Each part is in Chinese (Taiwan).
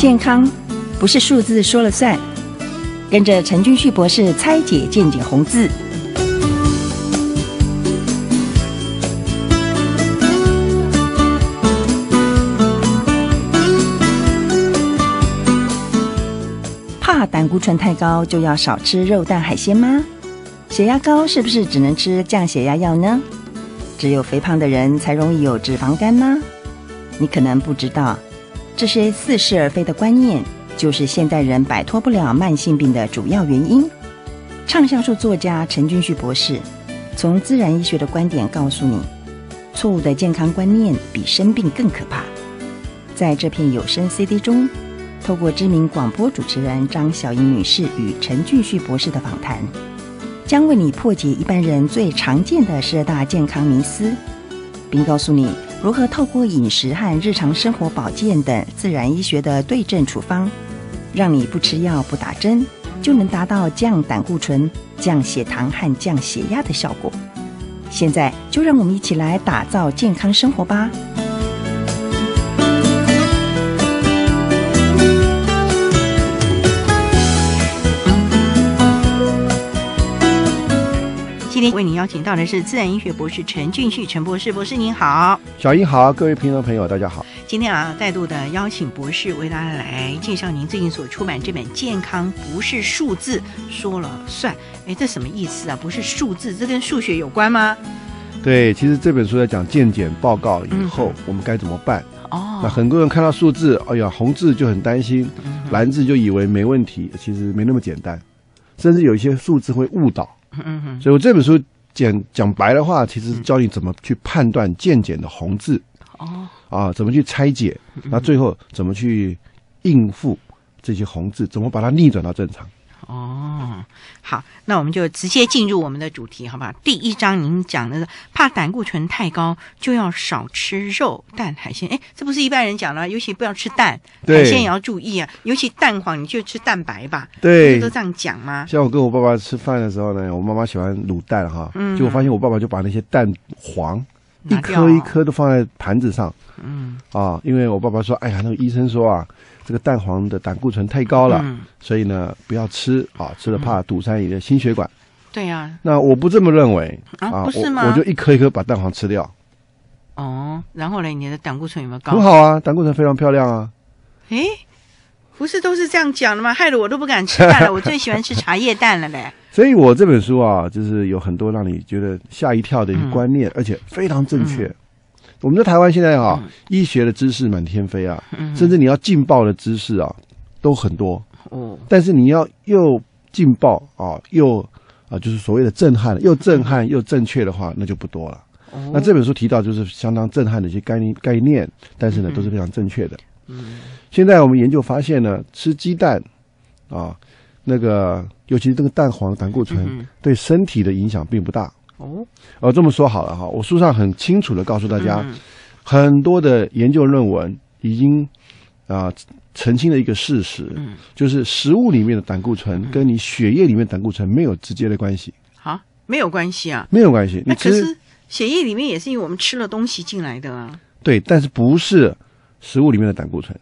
健康不是數字說了算，跟着陳俊旭博士拆解健檢紅字。怕膽固醇太高，就要少吃肉、蛋、海鮮嗎？血壓高是不是只能吃降血壓藥呢？只有肥胖的人才容易有脂肪肝嗎？你可能不知道。這些似是而非的觀念，就是現代人擺脫不了慢性病的主要原因。暢銷書作家陳俊旭博士從自然醫學的觀點告訴你：錯誤的健康觀念比生病更可怕。在這片有聲 CD 中，透過知名廣播主持人張曉瑩女士與陳俊旭博士的訪談，將為你破解一般人最常見的十大健康迷思，並告訴你。如何透過飲食和日常生活保健等自然醫學的對症處方，讓你不吃藥、不打針，就能達到降膽固醇、降血糖和降血壓的效果？現在就讓我們一起來打造健康生活吧！今天為您邀請到的是自然醫學博士陳俊旭陳博士，博士您好，曉瑩好，各位聽眾朋友大家好。今天啊，再度的邀請博士為大家來介紹您最近所出版這本《健康不是數字說了算》。哎，這什麼意思啊？不是數字，這跟數學有關嗎？對，其實這本書在講健檢報告以後、嗯、我們該怎麼辦。哦，那很多人看到數字，哎呀，紅字就很擔心，嗯哼、藍字就以為沒問題，其實沒那麼簡單，甚至有一些數字會誤導。嗯嗯，所以我這本書講講白的話，其實教你怎麼去判斷健檢的紅字，哦，啊，怎麼去拆解，那最後怎麼去應付這些紅字，怎麼把它逆轉到正常。哦，好，那我們就直接進入我們的主題，好不好？第一章您講的是，是怕膽固醇太高就要少吃肉、蛋、海鮮。哎，這不是一般人講的，尤其不要吃蛋，對海鮮也要注意啊，尤其蛋黃，你就吃蛋白吧。對，不是都這樣講嗎？像我跟我爸爸吃飯的時候呢，我媽媽喜歡滷蛋哈，嗯，就我發現我爸爸就把那些蛋黃。一顆一顆都放在盤子上，哦、嗯啊，因為我爸爸說，哎呀，那個醫生說啊，這個蛋黃的膽固醇太高了，嗯、所以呢，不要吃啊，吃了怕堵塞你的心血管。對呀，那我不這麼認為啊，啊，不是嗎？我，我就一顆一顆把蛋黃吃掉。哦，然後呢，你的膽固醇有沒有高？很好啊，膽固醇非常漂亮啊。誒。不是都是這樣講的嗎？害得我都不敢吃蛋了。我最喜歡吃茶葉蛋了唄。 所以，我這本書啊，就是有很多讓你覺得嚇一跳的一些觀念，嗯、而且非常正確。嗯、我們在台灣現在哈、啊，嗯、醫學的知識滿天飛啊，嗯、甚至你要勁爆的知識啊，都很多。嗯、但是你要又勁爆啊，又啊，就是所謂的震撼又震撼、嗯、又正確的話，那就不多了。哦、那這本書提到就是相當震撼的一些概念，概念，但是呢，嗯、都是非常正確的。嗯。現在我們研究發現呢，吃雞蛋，啊，那個，尤其這個蛋黃膽固醇，嗯嗯對身體的影響並不大。哦，呃、啊，這麼說好了哈，我書上很清楚的告訴大家，嗯、很多的研究論文已經啊澄清了一個事實，嗯、就是食物裡面的膽固醇跟你血液裡面膽固醇沒有直接的關係。好、啊，沒有關係啊。沒有關係。那可是血液裡面也是因為我們吃了東西進來的啊。對，但是不是食物裡面的膽固醇。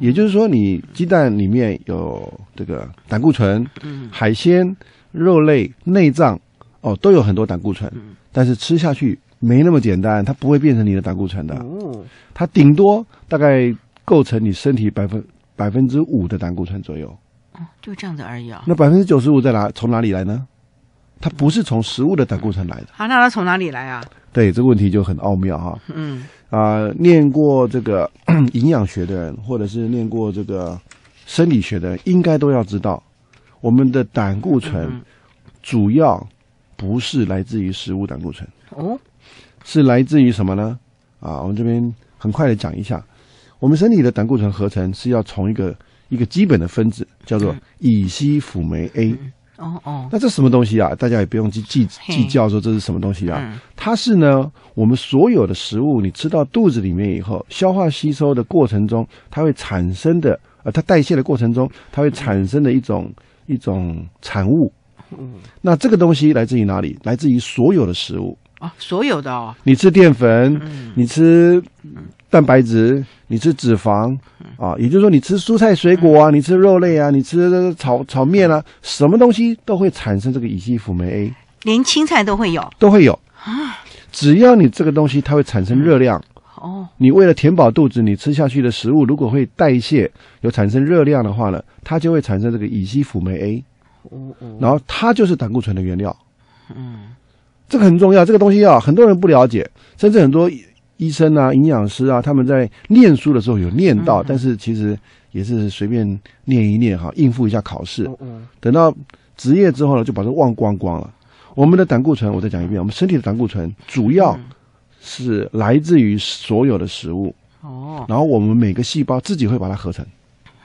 也就是說，你雞蛋裡面有這個膽固醇，海鮮、肉類、內臟，哦，都有很多膽固醇。但是吃下去沒那麼簡單，它不會變成你的膽固醇的。哦，它頂多大概構成你身體百分百分之五的膽固醇左右。哦，就這樣子而已啊。那百分之九十五在哪？從哪裡來呢？它不是從食物的膽固醇來的，好、啊，那它從哪裡來啊？對，這個問題就很奧妙哈。嗯啊、呃，念過這個營養學的人，或者是念過這個生理學的人，應該都要知道，我們的膽固醇主要不是來自於食物膽固醇，哦、嗯，是來自於什麼呢？啊，我們這邊很快的講一下，我們身體的膽固醇合成是要從一個一個基本的分子叫做乙醯輔酶 A、嗯。哦哦，哦那這什麼東西啊？大家也不用去計計較說這是什麼東西啊。嗯、它是呢，我們所有的食物，你吃到肚子裡面以後，消化吸收的過程中，它會產生的，呃，它代謝的過程中，它會產生的一種、嗯、一種產物。嗯，那這個東西來自於哪裡？來自於所有的食物啊、哦，所有的哦。你吃澱粉，嗯、你吃。嗯蛋白質，你吃脂肪啊，嗯、也就是說，你吃蔬菜水果啊，嗯、你吃肉類啊，你吃炒炒麵啊，什麼東西都會產生這個乙醯輔酶 A，連青菜都會有，都會有啊。只要你這個東西它會產生熱量，哦、嗯，你為了填飽肚子，你吃下去的食物如果會代謝有產生熱量的話呢，它就會產生這個乙醯輔酶 A，然後它就是膽固醇的原料，嗯，這個很重要，這個東西啊，很多人不了解，甚至很多。醫生啊，營養師啊，他們在念書的時候有念到，嗯嗯，但是其實也是隨便念一念哈，應付一下考試。嗯嗯，等到職業之後呢，就把這忘光光了。我們的膽固醇，我再講一遍，嗯、我們身體的膽固醇主要是來自於所有的食物哦，嗯、然後我們每個細胞自己會把它合成。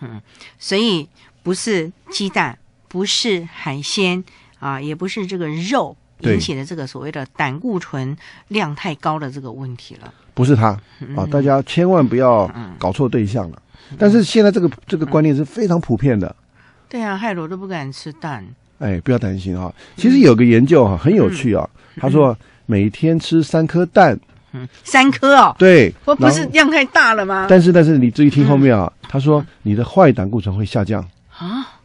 嗯，所以不是雞蛋，不是海鮮啊、呃，也不是這個肉。對引起的這個所謂的膽固醇量太高的這個問題了，不是他，啊，嗯、大家千萬不要搞錯對象了。嗯嗯、但是現在這個這個觀念是非常普遍的。對啊、嗯，害我都不敢吃蛋。嗯、哎，不要擔心啊，其實有個研究哈、啊，嗯、很有趣啊。他說每天吃三顆蛋，嗯嗯、三顆哦，對，我不是量太大了嗎？但是但是你注意聽後面啊，嗯、他說你的壞膽固醇會下降啊。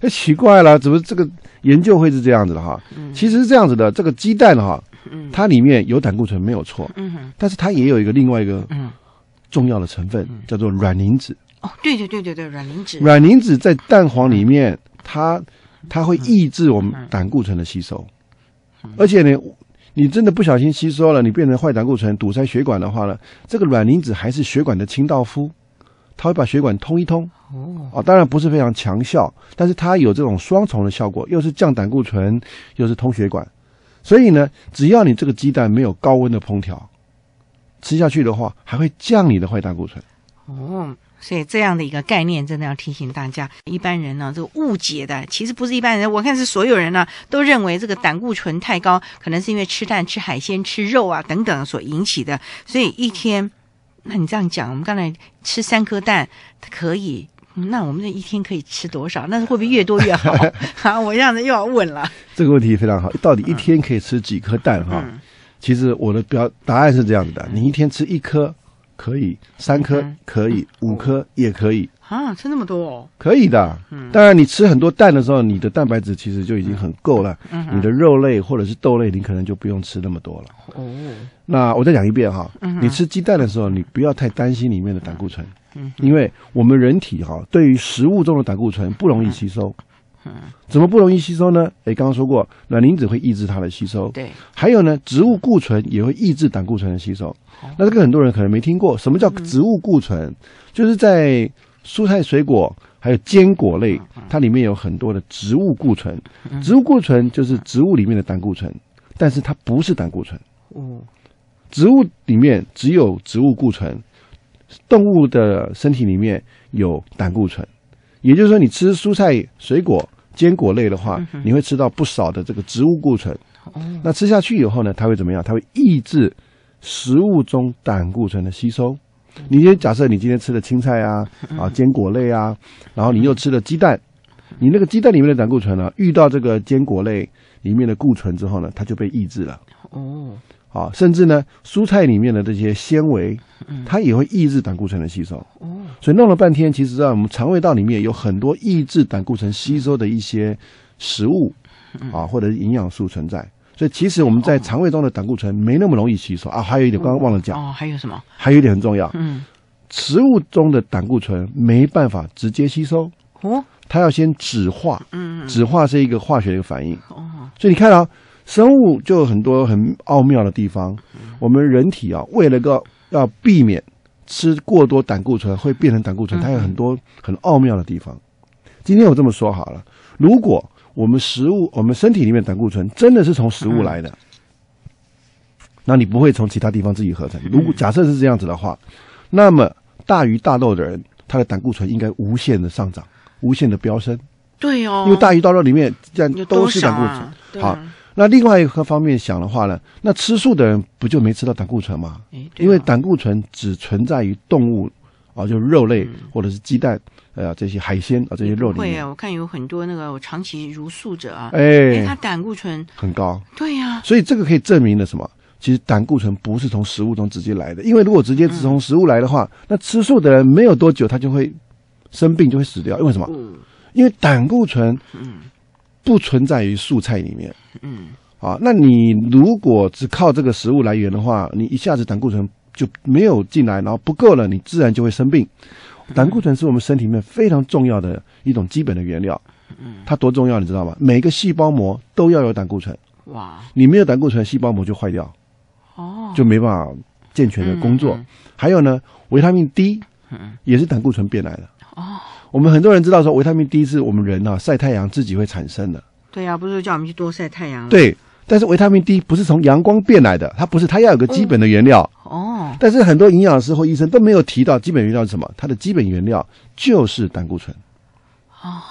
哎，奇怪了，怎麼這個研究會是這樣子的哈？嗯、其實是這樣子的，這個雞蛋哈，嗯、它裡面有膽固醇沒有錯，嗯、哼但是它也有一個另外一個重要的成分，嗯、叫做卵磷脂。哦，對對對對對，卵磷脂。卵磷脂在蛋黃裡面，嗯、它它會抑制我們膽固醇的吸收，嗯嗯、而且呢，你真的不小心吸收了，你變成壞膽固醇，堵塞血管的話呢，這個卵磷脂還是血管的清道夫。它會把血管通一通，哦，啊，當然不是非常強效，但是它有這種雙重的效果，又是降膽固醇，又是通血管，所以呢，只要你這個雞蛋沒有高溫的烹調，吃下去的話，還會降你的壞膽固醇。哦，所以這樣的一個概念，真的要提醒大家，一般人呢，啊，這個誤解的，其實不是一般人，我看是所有人呢，啊，都認為這個膽固醇太高，可能是因為吃蛋、吃海鮮、吃肉啊等等所引起的，所以一天。那你這樣講，我們剛才吃三顆蛋它可以，那我們這一天可以吃多少？那會不會越多越好？啊， 我這樣子又要問了。這個問題非常好，到底一天可以吃幾顆蛋？哈，嗯、其實我的表答案是這樣子的：你一天吃一顆。嗯嗯可以三顆，可以 Okay. 五顆，也可以啊，吃那麼多哦？可以的。當然，你吃很多蛋的時候，你的蛋白質其實就已經很夠了。嗯、哼你的肉類或者是豆類，你可能就不用吃那麼多了。哦，那我再講一遍哈，嗯、哼你吃雞蛋的時候，你不要太擔心裡面的膽固醇，嗯、哼因為我們人體哈對於食物中的膽固醇不容易吸收。嗯嗯嗯，怎麼不容易吸收呢？誒，剛剛說過，卵磷脂會抑制它的吸收。對，還有呢，植物固醇也會抑制膽固醇的吸收。那這個很多人可能沒聽過，什麼叫植物固醇？就是在蔬菜、水果還有堅果類，它裡面有很多的植物固醇。植物固醇就是植物裡面的膽固醇，但是它不是膽固醇。嗯，植物裡面只有植物固醇，動物的身體裡面有膽固醇。也就是說，你吃蔬菜、水果、堅果類的話，你會吃到不少的這個植物固醇。那吃下去以後呢，它會怎麼樣？它會抑制食物中膽固醇的吸收。你今天假設你今天吃的青菜啊，啊，堅果類啊，然後你又吃了雞蛋，你那個雞蛋裡面的膽固醇啊，遇到這個堅果類裡面的固醇之後呢，它就被抑制了。哦。啊，甚至呢，蔬菜裡面的這些纖維，它也會抑制膽固醇的吸收。嗯、所以弄了半天，其實啊，我們腸胃道裡面有很多抑制膽固醇吸收的一些食物、嗯、啊，或者營養素存在。所以其實我們在腸胃中的膽固醇沒那麼容易吸收啊。還有一點，剛剛忘了講、嗯。哦，還有什麼？還有一點很重要。嗯。食物中的膽固醇沒辦法直接吸收。哦。它要先酯化。嗯嗯。酯化是一個化學的反應。嗯、哦。所以你看啊。生物就有很多很奧妙的地方，嗯、我們人體啊，為了個要避免吃過多膽固醇會變成膽固醇，嗯嗯，它有很多很奧妙的地方。今天我這麼說好了，如果我們食物我們身體裡面膽固醇真的是從食物來的，嗯、那你不會從其他地方自己合成。如果假設是這樣子的話，嗯、那麼大魚大肉的人，他的膽固醇應該無限的上漲，無限的飆升。對哦，因為大魚大肉裡面這樣都是膽固醇，啊、好。那另外一個方面想的話呢，那吃素的人不就沒吃到膽固醇嗎？哎啊、因為膽固醇只存在於動物啊，就是肉類、嗯、或者是雞蛋，哎、呃、這些海鮮啊，這些肉類。會啊，我看有很多那個我長期茹素者啊，哎，哎，他膽固醇很高。對呀、啊，所以這個可以證明了什麼？其實膽固醇不是從食物中直接來的，因為如果直接從食物來的話，嗯、那吃素的人沒有多久他就會生病，就會死掉，因為什麼？嗯、因為膽固醇，嗯。不存在於素菜裡面，嗯，啊，那你如果只靠這個食物來源的話，你一下子膽固醇就沒有進來，然後不夠了，你自然就會生病。膽固醇是我們身體裡面非常重要的一種基本的原料，嗯，它多重要你知道嗎？每個細胞膜都要有膽固醇，哇，你沒有膽固醇，細胞膜就壞掉，哦，就沒辦法健全的工作。還有呢，維他命 D，嗯，也是膽固醇變來的，哦。我們很多人知道說，維他命 D 是我們人啊曬太陽自己會產生的。對呀，不是說叫我們去多曬太陽。對，但是維他命 D 不是從陽光變來的，它不是，它要有個基本的原料。哦。但是很多營養師或醫生都沒有提到基本原料是什麼，它的基本原料就是膽固醇。哦。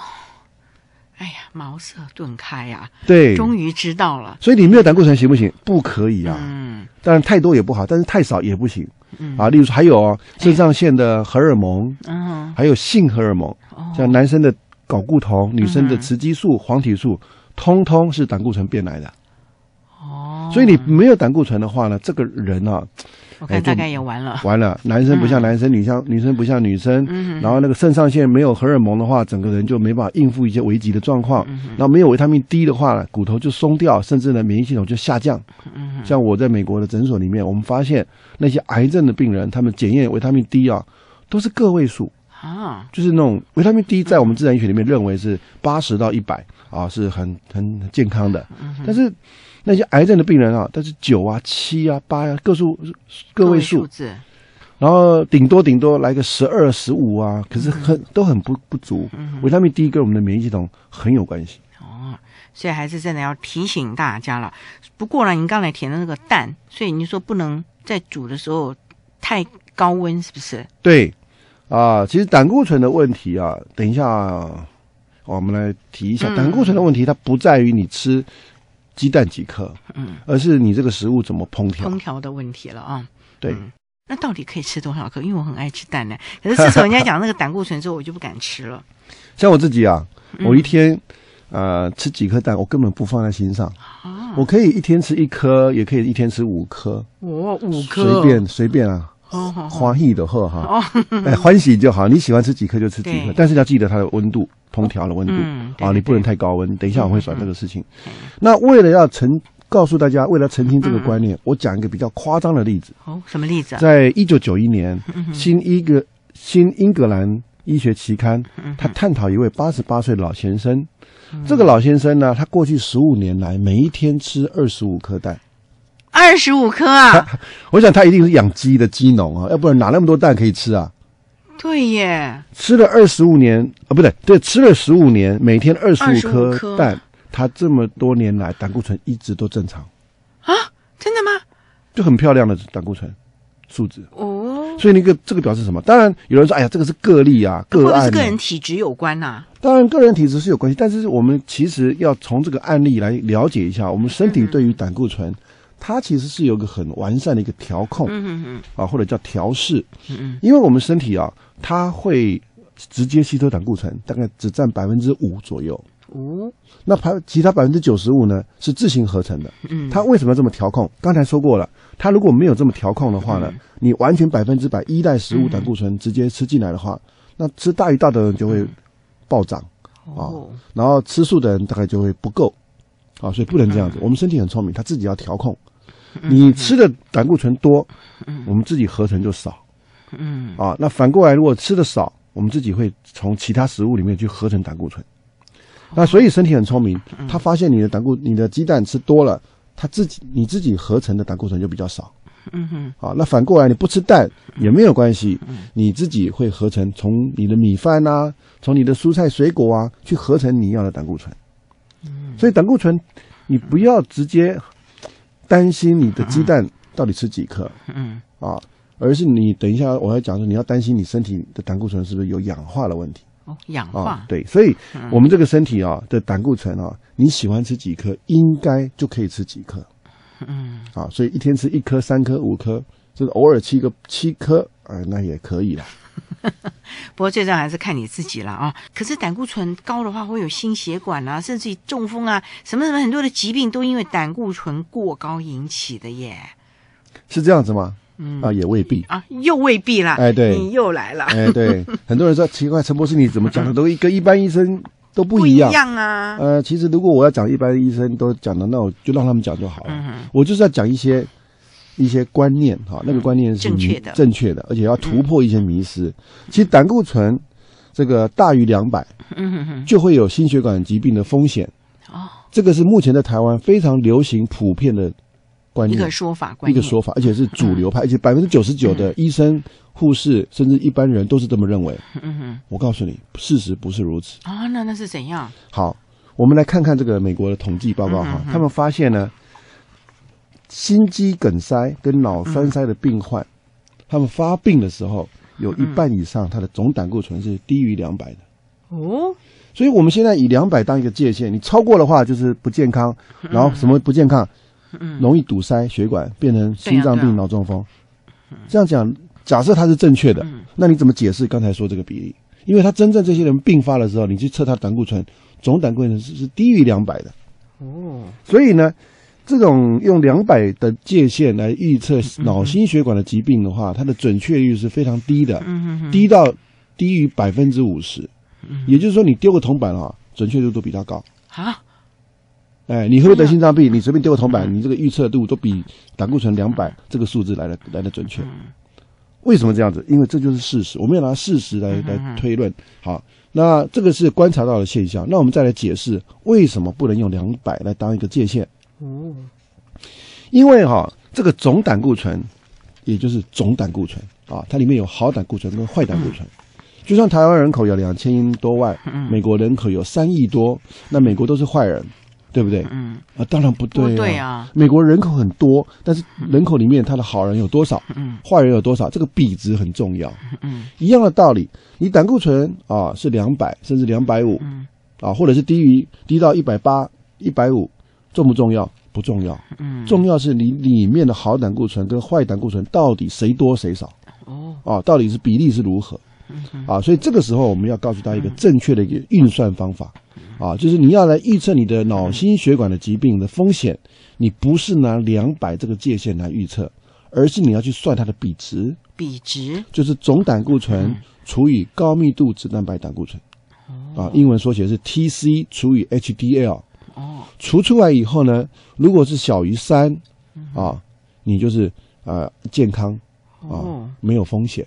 哎呀，茅塞頓開呀、啊！對，終於知道了。所以你沒有膽固醇行不行？不可以啊。嗯，當然太多也不好，但是太少也不行。嗯、啊，例如說還有啊、哦，腎上腺的荷爾蒙，嗯、哎呦，還有性荷爾蒙，嗯、像男生的睾固酮女生的雌激素、嗯、黃體素，通通是膽固醇變來的。哦，所以你沒有膽固醇的話呢，這個人呢、啊。我看大概也完了。哎、完了，男生不像男生，女生、嗯、女生不像女生。嗯、然後那個腎上腺沒有荷爾蒙的話，整個人就沒辦法應付一些危急的狀況。嗯、哼然後沒有維他命 D 的話，骨頭就鬆掉，甚至呢，免疫系統就下降。嗯、哼像我在美國的診所裡面，我們發現那些癌症的病人，他們檢驗維他命 D 啊，都是個位數啊，哦、就是那種維他命 D 在我們自然醫學裡面認為是八十到一百、嗯、哼啊，是很很健康的。嗯、哼但是。那些癌症的病人啊，但是九啊、七啊、八呀、啊，個數個位數，各位數字，然後頂多頂多來個十二、十五啊，可是很、嗯、哼都很不不足。嗯、哼維他命 D 跟我們的免疫系統很有關係哦，所以還是真的要提醒大家了。不過呢，您剛才填的那個蛋，所以你說不能在煮的時候太高溫，是不是？對啊、呃，其實膽固醇的問題啊，等一下、哦、我們來提一下嗯嗯膽固醇的問題，它不在於你吃。雞蛋幾顆？嗯，而是你這個食物怎麼烹調？烹調的問題了啊。對、嗯。那到底可以吃多少顆？因為我很愛吃蛋呢、欸。可是自從人家講那個膽固醇之後，我就不敢吃了。 像我自己啊，嗯、我一天，呃，吃幾顆蛋，我根本不放在心上。啊、我可以一天吃一顆，也可以一天吃五顆。我、哦、五顆！隨便隨便啊。花意的賀哈，哎，oh, oh, oh, oh. 歡喜就好。你喜歡吃幾顆就吃幾顆，對但是要記得它的溫度，烹調的溫度啊、哦嗯哦，你不能太高溫。等一下我會甩這個事情。對那為了要澄告訴大家，為了澄清這個觀念，嗯嗯、我講一個比較誇張的例子。哦，什麼例子？啊？在一九九一年，新《新英格新英格蘭醫學期刊》他探討一位八十八歲的老先生。嗯、這個老先生呢，他過去十五年來每一天吃二十五顆蛋。二十五顆啊！我想他一定是養雞的雞農啊，要不然哪那麼多蛋可以吃啊？對耶，吃了二十五年啊，不對，對，吃了十五年，每天二十五顆、顆蛋，他這麼多年來膽固醇一直都正常啊？真的嗎？就很漂亮的膽固醇數值哦，所以那個這個表示什麼？當然有人說，哎呀，這個是個例啊，個例、啊，啊、是不是跟人體質有關吶、啊？當然，個人體質是有關係，但是我們其實要從這個案例來了解一下，我們身體對於膽固醇。嗯它其實是有一個很完善的一個調控，啊，或者叫調試，因為我們身體啊，它會直接吸收膽固醇，大概只占百分之五左右。五，那它其他百分之九十五呢，是自行合成的。嗯，它為什麼要這麼調控？剛才說過了，它如果沒有這麼調控的話呢，你完全百分之百依賴食物膽固醇直接吃進來的話，那吃大魚大肉的人就會暴漲，哦、啊。然後吃素的人大概就會不夠，啊，所以不能這樣子。我們身體很聰明，它自己要調控。你吃的膽固醇多，我們自己合成就少。嗯啊，那反過來，如果吃的少，我們自己會從其他食物裡面去合成膽固醇。那所以身體很聰明，他發現你的膽固，你的雞蛋吃多了，他自己你自己合成的膽固醇就比較少。嗯啊，那反過來你不吃蛋也沒有關係，你自己會合成從你的米飯啊，從你的蔬菜水果啊去合成你要的膽固醇。嗯。所以膽固醇，你不要直接。擔心你的雞蛋到底吃幾顆？嗯啊，而是你等一下我要講說，你要擔心你身體的膽固醇是不是有氧化的問題？氧化對，所以我們這個身體啊的膽固醇啊，你喜歡吃幾顆，應該就可以吃幾顆。嗯，啊，所以一天吃一顆、三顆、五顆，就是偶爾吃一個七顆，那也可以啦。 不過最重要還是看你自己了啊！可是膽固醇高的話，會有心血管啊，甚至於中風啊，什麼什麼很多的疾病都因為膽固醇過高引起的耶。是這樣子嗎？嗯、啊，也未必啊，又未必啦。哎，對，你又來了。哎，對， 很多人說奇怪，陳博士你怎麼講的都跟一般醫生都不一樣。不一樣啊？呃，其實如果我要講一般醫生都講的，那我就讓他們講就好了。嗯、哼我就是要講一些。一些觀念哈，那個觀念是正確的，正確的，而且要突破一些迷思。其實膽固醇這個大於兩百，嗯，就會有心血管疾病的風險。哦，這個是目前在台灣非常流行、普遍的觀念，一個說法，一個說法，而且是主流派，而且百分之九十九的醫生、護士，甚至一般人都是這麼認為。嗯，我告訴你，事實不是如此。啊，那那是怎樣？好，我們來看看這個美國的統計報告哈，他們發現呢。心肌梗塞跟腦栓塞的病患，嗯、他們發病的時候有一半以上，他的總膽固醇是低於兩百的。哦、嗯，所以我們現在以兩百當一個界限，你超過的話就是不健康，然後什麼不健康，嗯、容易堵塞血管，變成心臟病、腦、嗯、中風。嗯、這樣講，假設它是正確的，那你怎麼解釋剛才說這個比例？因為他真正這些人病發的時候，你去測他膽固醇，總膽固醇是是低於兩百的。哦，所以呢？這種用兩百的界限，來預測腦心血管的疾病的話，嗯嗯、它的準確率是非常低的，嗯嗯嗯、低到低於百分之五十。嗯、也就是說，你丟個銅板啊，準確度都比較高啊！哎，你會得心臟病，你隨便丟個銅板，嗯、你這個預測度都比膽固醇兩百、嗯、這個數字來的來的準確。嗯嗯、為什麼這樣子？因為這就是事實，我們要拿事實來來推論。好，那這個是觀察到的現象。那我們再來解釋為什麼不能用兩百來當一個界限。哦，因為哈、啊，這個總膽固醇，也就是總膽固醇啊，它裡面有好膽固醇跟壞膽固醇。嗯、就算台灣人口有兩千多萬，嗯、美國人口有三億多，那美國都是壞人，對不對？嗯，嗯啊，當然不對啊。對啊，美國人口很多，但是人口裡面它的好人有多少？嗯，壞人有多少？這個比值很重要。嗯，嗯一樣的道理，你膽固醇啊是兩百，甚至兩百五，啊，或者是低於低到一百八、一百五，重不重要？不重要，嗯，重要是你裡面的好膽固醇跟壞膽固醇到底誰多誰少，哦，啊，到底是比例是如何，啊，所以這個時候我們要告訴大家一個正確的一個運算方法，啊，就是你要來預測你的腦心血管的疾病的風險，你不是拿兩百這個界限來預測，而是你要去算它的比值，比值就是總膽固醇除以高密度脂蛋白膽固醇，啊，英文縮寫是 TC 除以 HDL。除出來以後呢，如果是小於三啊，你就是呃健康啊，沒有風險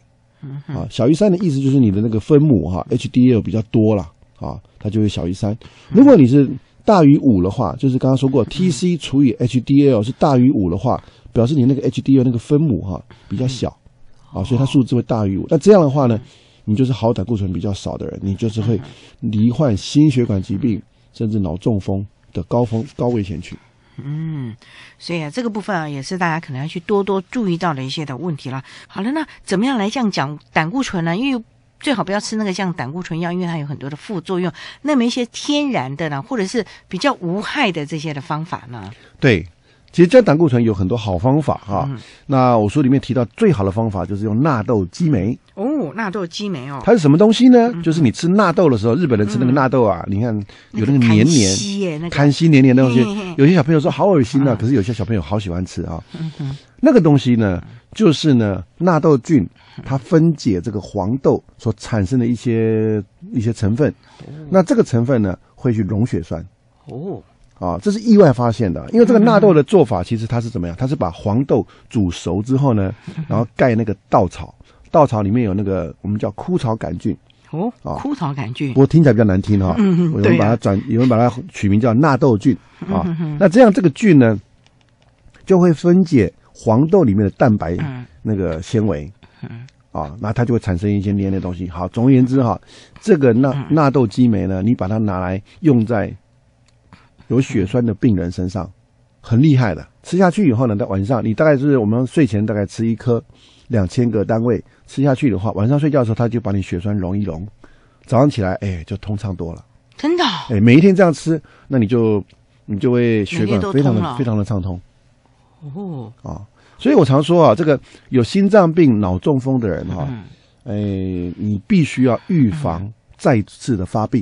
啊。小於三的意思就是你的那個分母哈，HDL 比較多了啊，它就會小於三。如果你是大於五的話，就是剛剛說過 TC 除以 HDL 是大於五的話，表示你那個 HDL 那個分母哈比較小啊，所以它數字會大於五。那這樣的話呢，你就是好膽固醇比較少的人，你就是會罹患心血管疾病，甚至腦中風。的高峰，高危險群，嗯，所以啊，這個部分啊，也是大家可能要去多多注意到的一些的問題啦。好了，那怎麼樣來降膽固醇呢？因為最好不要吃那個像膽固醇藥，因為它有很多的副作用。那麼一些天然的呢，或者是比較無害的這些的方法呢？對。其實降膽固醇有很多好方法哈，那我書裡面提到最好的方法就是用納豆激酶。哦，納豆激酶哦。它是什麼東西呢？就是你吃納豆的時候，日本人吃那個納豆啊，你看有那個黏黏、牽絲黏黏的東西。有些小朋友說好噁心啊，可是有些小朋友好喜歡吃啊。那個東西呢，就是呢納豆菌，它分解這個黃豆所產生的一些一些成分。那這個成分呢，會去溶血栓。哦。啊，這是意外發現的，因為這個納豆的做法其實它是怎麼樣？它是把黃豆煮熟之後呢，然後蓋那個稻草，稻草裡面有那個我們叫枯草桿菌、啊、哦，枯草桿菌，不過聽起來比較難聽哈，啊嗯、有人把它轉，啊、有人把它取名叫納豆菌啊。嗯、哼哼那這樣這個菌呢，就會分解黃豆裡面的蛋白那個纖維、嗯、啊，那它就會產生一些黏的東西。好，總而言之哈、啊，這個納、嗯、納豆激酶呢，你把它拿來用在。有血栓的病人身上，很厲害的。吃下去以後呢，在晚上你大概是我們睡前大概吃一顆兩千個單位，吃下去的話，晚上睡覺的時候他就把你血栓溶一溶，早上起來哎就通暢多了。真的？哎，每一天這樣吃，那你就你就會血管非常的非常的暢通。哦啊、哦，所以我常說啊，這個有心臟病、腦中風的人哈、啊，哎、嗯，你必須要預防再次的發病。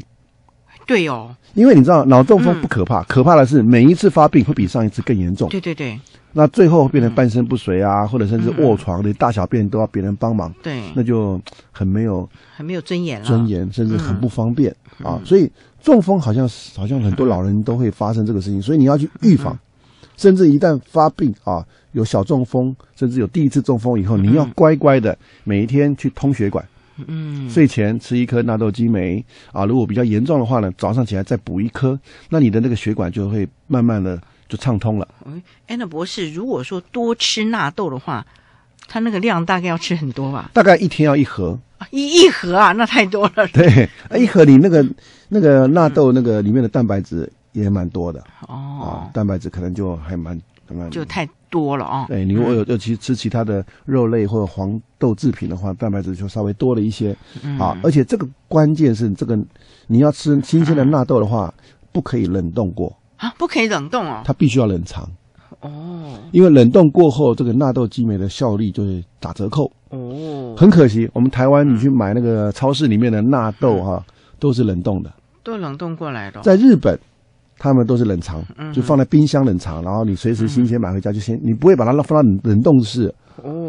對哦，因為你知道腦中風不可怕，可怕的是每一次發病會比上一次更嚴重。對對對，那最後變成半身不遂啊，或者甚至臥床的大小便都要別人幫忙，對，那就很沒有，很沒有尊嚴，尊嚴甚至很不方便啊。所以中風好像好像很多老人都會發生這個事情，所以你要去預防，甚至一旦發病啊，有小中風，甚至有第一次中風以後，你要乖乖的每一天去通血管。嗯，睡前吃一顆納豆激酶啊，如果比較嚴重的話呢，早上起來再補一顆，那你的那個血管就會慢慢的就暢通了。嗯，欸，陳博士，如果說多吃納豆的話，它那個量大概要吃很多吧？大概一天要一盒，啊，一一盒啊，那太多了。對，一盒你那個那個納豆那個裡面的蛋白質也蠻多的哦，嗯嗯啊，蛋白質可能就還蠻還蠻就太多了啊，哦。對，你如果有尤其吃其他的肉類或者黃豆製品的話，蛋白質就稍微多了一些，嗯、啊。而且這個關鍵是，這個你要吃新鮮的納豆的話，嗯，不可以冷凍過啊，不可以冷凍哦，它必須要冷藏哦。因為冷凍過後，這個納豆激酶的效力就會打折扣哦。很可惜，我們台灣你去買那個超市裡面的納豆哈，嗯啊，都是冷凍的，都冷凍過來的。在日本，他們都是冷藏，就放在冰箱冷藏，然後你隨時新鮮買回家就先，你不會把它放到冷凍室。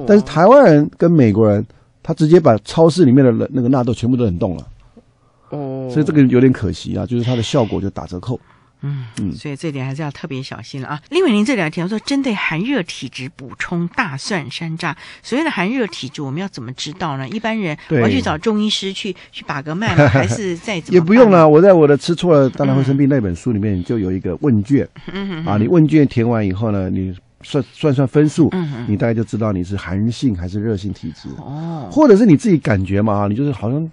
但是台灣人跟美國人，他直接把超市裡面的那個納豆全部都冷凍了。哦。所以這個有點可惜啊，就是它的效果就打折扣。嗯，嗯，所以這點還是要特別小心了啊。另外，您這兩天說針對寒熱體質補充大蒜、山楂。所謂的寒熱體質，我們要怎麼知道呢？一般人我要去找中醫師去對去把個脈，還是再怎麼？也不用了。我在我的吃《吃錯了當然會生病》那本書裡面、嗯、就有一個問卷，嗯、哼哼啊，你問卷填完以後呢，你算算算分數，嗯、哼哼你大概就知道你是寒性還是熱性體質。哦，或者是你自己感覺嘛，你就是好像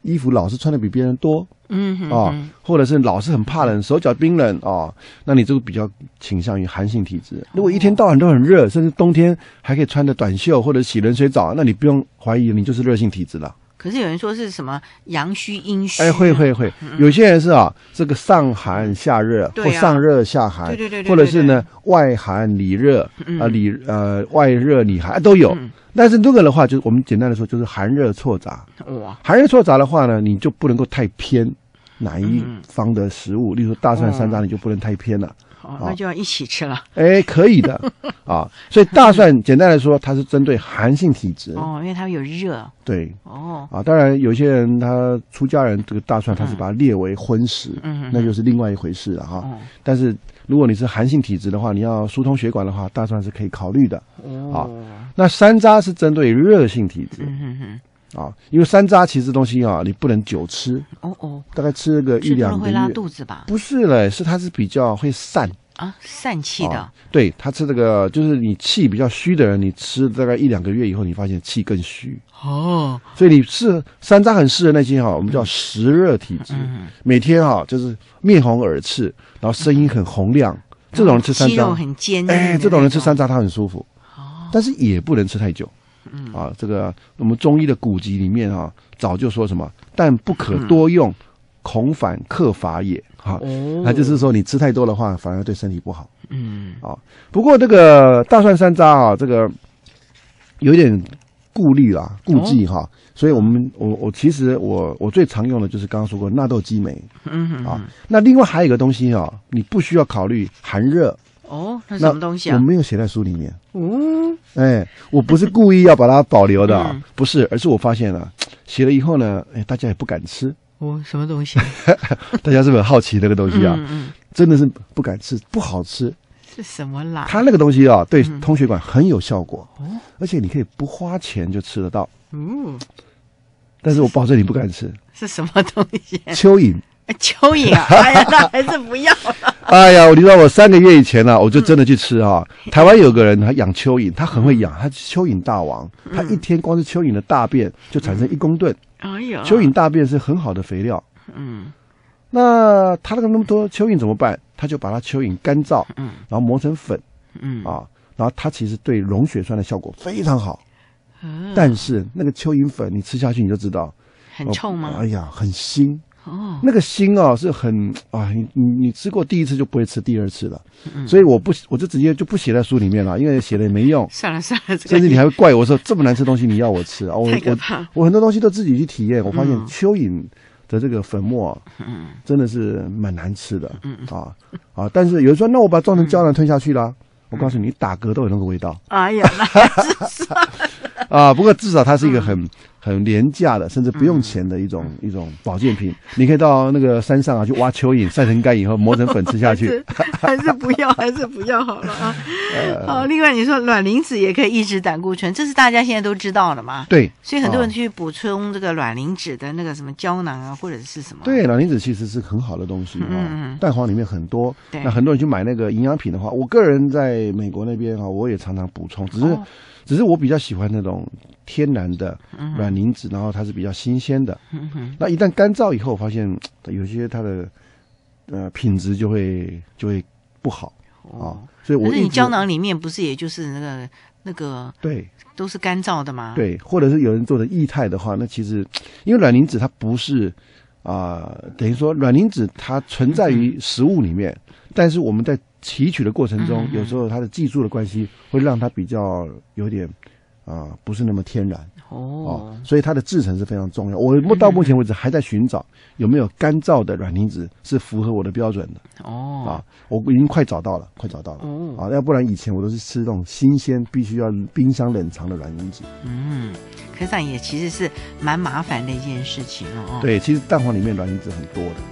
衣服老是穿的比別人多。嗯啊哼哼、哦，或者是老是很怕冷，手腳冰冷哦，那你就比較傾向於寒性體質。如果一天到晚都很熱，哦、甚至冬天還可以穿着短袖或者洗冷水澡，那你不用懷疑，你就是熱性體質了。可是有人說是什麼陽虛陰虛？哎，會會會，會嗯、有些人是啊，這個上寒下熱，啊、或上熱下寒，對對對，對對對，或者是呢外寒裡熱、嗯呃呃、啊裡呃外熱裡寒都有。嗯、但是那個的話，就是我們簡單的說，就是寒熱錯雜。哇、哦啊，寒熱錯雜的話呢，你就不能夠太偏。哪一方的食物，例如大蒜、山楂，你就不能太偏了。哦，那就要一起吃了。哎，可以的啊。所以大蒜，簡單來說，它是針對寒性體質。哦，因為它有熱。對。哦。啊，當然，有些人他出家人，這個大蒜它是把它列為葷食，那就是另外一回事了哈。但是，如果你是寒性體質的話，你要疏通血管的話，大蒜是可以考慮的。哦。啊，那山楂是針對熱性體質。嗯哼。啊，因為山楂其實東西啊，你不能久吃。哦哦，哦大概吃個一兩個月。會拉肚子吧？不是嘞，是它是比較會散啊，散氣的。啊、對他吃這個，就是你氣比較虛的人，你吃大概一兩個月以後，你發現氣更虛。哦，所以你吃山楂很適合那些哈、啊，嗯、我們叫實熱體質，嗯嗯嗯、每天哈、啊、就是面紅耳赤，然後聲音很洪亮，嗯、這種人吃山楂。肌肉很堅硬。哎，這種人吃山楂他很舒服。哦。但是也不能吃太久。嗯啊，這個我們中醫的古籍裡面啊，早就說什麼“但不可多用，嗯、恐反克伐也”哈、啊，那、哦、就是說你吃太多的話，反而對身體不好。嗯啊，不過這個大蒜山楂啊，這個有點顧慮啦、啊，顧忌哈、啊，哦、所以我們我我其實我我最常用的就是剛剛說過納豆激酶。嗯啊，嗯哼哼那另外還有一個東西啊，你不需要考慮寒熱。哦，那什麼東西啊？我沒有寫在書裡面。哦，哎，我不是故意要把它保留的，嗯、不是，而是我發現了、啊，寫了以後呢，哎，大家也不敢吃。哦，什麼東西？ 大家是不是好奇那個東西啊？嗯嗯、真的是不敢吃，不好吃。是什麼啦？它那個東西啊，對通血管很有效果。哦、嗯，而且你可以不花錢就吃得到。哦，但是我保證你不敢吃。是什麼東西、啊？蚯蚓。蚯蚓啊，哎呀，那還是不要了。 哎呀，你知道我三個月以前呢、啊，我就真的去吃啊。台灣有個人，他養蚯蚓，他很會養，嗯、他是蚯蚓大王，嗯、他一天光是蚯蚓的大便就產生一公噸。嗯哎、蚯蚓大便是很好的肥料。嗯，那他那個那麼多蚯蚓怎麼辦？他就把它蚯蚓乾燥，嗯，然後磨成粉，嗯啊，然後它其實對溶血栓的效果非常好。嗯，嗯但是那個蚯蚓粉你吃下去你就知道，很臭嗎、呃？哎呀，很腥。哦，那個腥啊，是很啊，你你你吃過第一次就不會吃第二次了，所以我不我就直接就不寫在書裡面了，因為寫了也沒用。算了算了，甚至你還會怪我說，這麼難吃東西你要我吃啊？我怕！我很多東西都自己去體驗，我發現蚯蚓的這個粉末，嗯，真的是蠻難吃的，嗯啊啊！但是有人說，那我把它裝成膠囊吞下去啦，我告訴你，打嗝都有那個味道。哎呀，至少啊，不過至少它是一個很。很廉價的，甚至不用錢的一種一種保健品，你可以到那個山上啊去挖蚯蚓，曬成乾以後磨成粉吃下去。還是不要，還是不要好了啊。好，另外你說卵磷脂也可以抑制膽固醇，這是大家現在都知道的嘛。對。所以很多人去補充這個卵磷脂的那個什麼膠囊啊，或者是什麼？對，卵磷脂其實是很好的東西。嗯嗯蛋黃裡面很多。那很多人去買那個營養品的話，我個人在美國那邊啊，我也常常補充，只是。只是我比較喜歡那種天然的卵磷脂，嗯、哼然後它是比較新鮮的。嗯、哼那一旦乾燥以後，我發現有些它的呃品質就會就會不好啊。所以我，我覺得你膠囊裡面不是也就是那個那個對，都是乾燥的嗎？對，或者是有人做的液態的話，那其實因為卵磷脂它不是啊、呃，等於說卵磷脂它存在於食物裡面，嗯、哼但是我們在。提取的過程中，有時候它的技術的關係會讓它比較有點啊、呃，不是那麼天然哦，哦，所以它的製程是非常重要。我目到目前為止還在尋找有沒有乾燥的卵磷脂是符合我的標準的哦啊，我已經快找到了，快找到了、哦、啊，要不然以前我都是吃那種新鮮必須要冰箱冷藏的卵磷脂。嗯，科長也其實是蠻麻煩的一件事情哦。對，其實蛋黃裡面卵磷脂很多的。